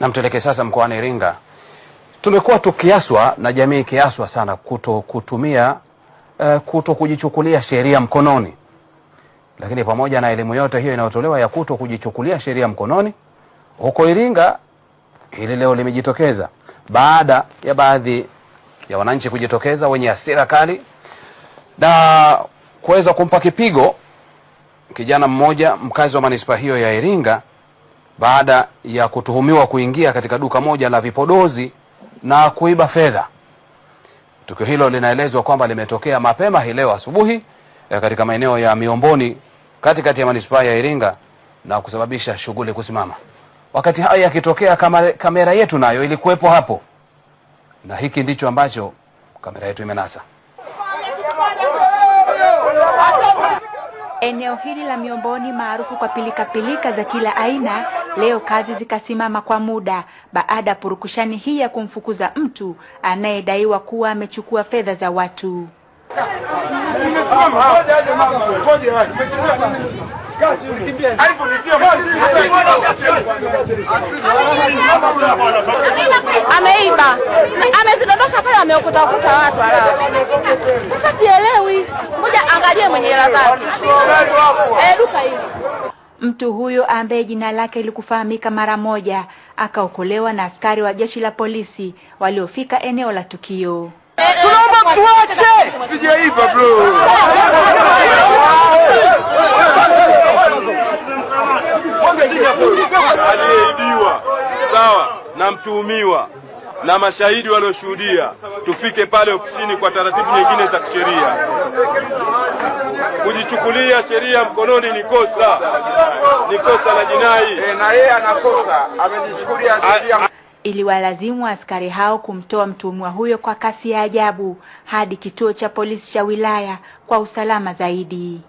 Na mtuelekee sasa mkoani Iringa. Tumekuwa tukiaswa na jamii ikiaswa sana kuto kutumia uh, kuto kujichukulia sheria mkononi, lakini pamoja na elimu yote hiyo inayotolewa ya kuto kujichukulia sheria mkononi, huko Iringa hili leo limejitokeza baada ya baadhi ya wananchi kujitokeza wenye hasira kali na kuweza kumpa kipigo kijana mmoja mkazi wa manispaa hiyo ya Iringa baada ya kutuhumiwa kuingia katika duka moja la vipodozi na kuiba fedha. Tukio hilo linaelezwa kwamba limetokea mapema hii leo asubuhi eh, katika maeneo ya Miomboni katikati ya manispaa ya Iringa na kusababisha shughuli kusimama. Wakati hayo yakitokea, kamera yetu nayo ilikuwepo hapo, na hiki ndicho ambacho kamera yetu imenasa. Eneo hili la Miomboni maarufu kwa pilika za kila aina Leo kazi zikasimama kwa muda baada ya purukushani hii ya kumfukuza mtu anayedaiwa kuwa amechukua fedha za watu. Ameiba, amezidondosha pale, ameokutakuta watu. Alafu sasa sielewi, ngoja angalie mwenye hela zake eh, duka hili Mtu huyo ambaye jina lake likufahamika mara moja akaokolewa na askari wa jeshi la polisi waliofika eneo la tukio. Tunaomba tuache, sijaiva bro. Aliyeibiwa sawa na mtuhumiwa na mashahidi walioshuhudia, tufike pale ofisini kwa taratibu nyingine za kisheria. Kujichukulia sheria mkononi ni kosa, ni kosa la jinai e, na yeye anakosa amejichukulia sheria. Iliwalazimu askari hao kumtoa mtuhumiwa huyo kwa kasi ya ajabu hadi kituo cha polisi cha wilaya kwa usalama zaidi.